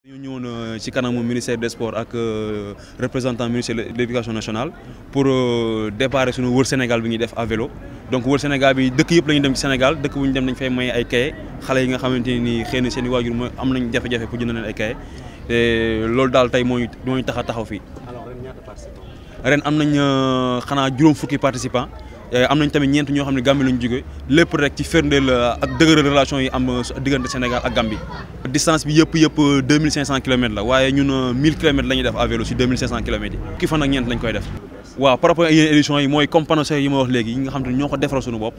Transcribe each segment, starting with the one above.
ñu ñëwoon ci kanamu ministère des sports ak euh, représentant ministère de l' éducation nationale pour euh, déparer suñu wër Sénégal bi ñuy def à vélo donc wër Sénégal bi dëkk yëpp la ñu dem ci Sénégal dëkk bu ñu dem nañ fay may ay kaye xale yi nga xamante ni xëy na seen i waajur mooy am nañ jafe-jafe pour jënd leen ay kaye loolu daal tey moo ñu moo ñu tax taxaw fii. alors ren am nañ euh, xanaa juróom fukki participants. Eh, am nañ tamit ñeent ñoo xam ne Gambie lañu jóge lépp rek ci firndeel eh, ak dëgëral relation yi am eh, diggante Sénégal ak Gambie distance bi yëpp yëpp 2500 kilomètres la waaye ñun 1000 kilomètres la ñuy def à vélo si 2500 kilomètres yi ki fan ak ñeent lañ koy def waaw par rapport ak yeneen yi mooy comme panneaux yi ma wax léegi nga xam te ñoo ko defaral suñu bopp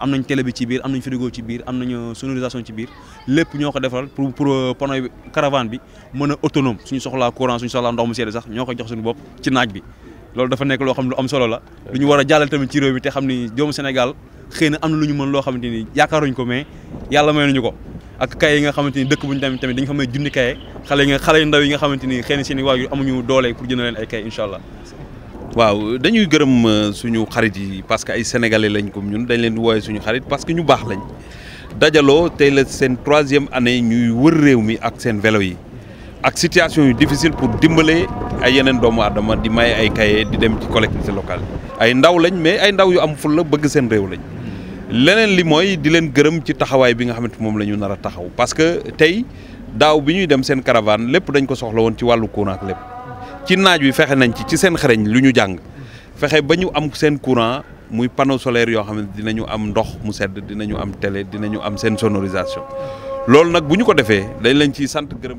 am nañ télé bi ci biir am nañ frigo ci biir am nañu sonorisation ci biir lépp ñoo ko defaral pour pour panneau caravane bi mën a autonome suñu soxlaa courant suñu soxlaa ndox mu sedd sax ñoo ko jox suñu bopp ci naaj bi loolu dafa nekk loo xam ne lu am solo la lu ñu war a jàllal tamit ci réew mi te xam ni doomu Sénégal xëy am na lu ñu mën loo xamante ni yaakaaruñ ko mais yàlla may nañu ko ak kaye yi nga xamante ni dëkk bu ñu tamit dañu xam ne junni kaye xale yi nga ndaw yi nga xamante ni xëy na seen i waajur amuñu doole pour jënd leen ay kaye incha allah waaw dañuy gërëm euh, suñu xarit yi parce que ay sénégalais lañ comme ñun dañ leen di wooye suñu xarit parce que ñu baax lañ dajaloo tey la seen troisième année ñuy wër réew mi ak seen vélo yi ak situation yu pour dimbale ay yeneen doomu aadama di may ay kaye di dem ci collectivité locale ay ndaw lañ mais ay ndaw yu am ful la bëgg seen réew lañ leneen li mooy di leen gërëm ci taxawaay bi nga xamante moom lañu ñu nar a taxaw parce que tey daaw bi ñuy dem seen caravane lépp dañ ko soxla woon ci wàllu courant ak lépp ci naaj wi fexe nañ ci ci seen xareñ lu ñu jàng fexe ba ñu am seen courant muy panneau solaire yoo xam ne dinañu am ndox mu sedd dinañu am télé dinañu am seen sonorisation loolu nag bu ñu ko defee dañ leen ciy sant gërëm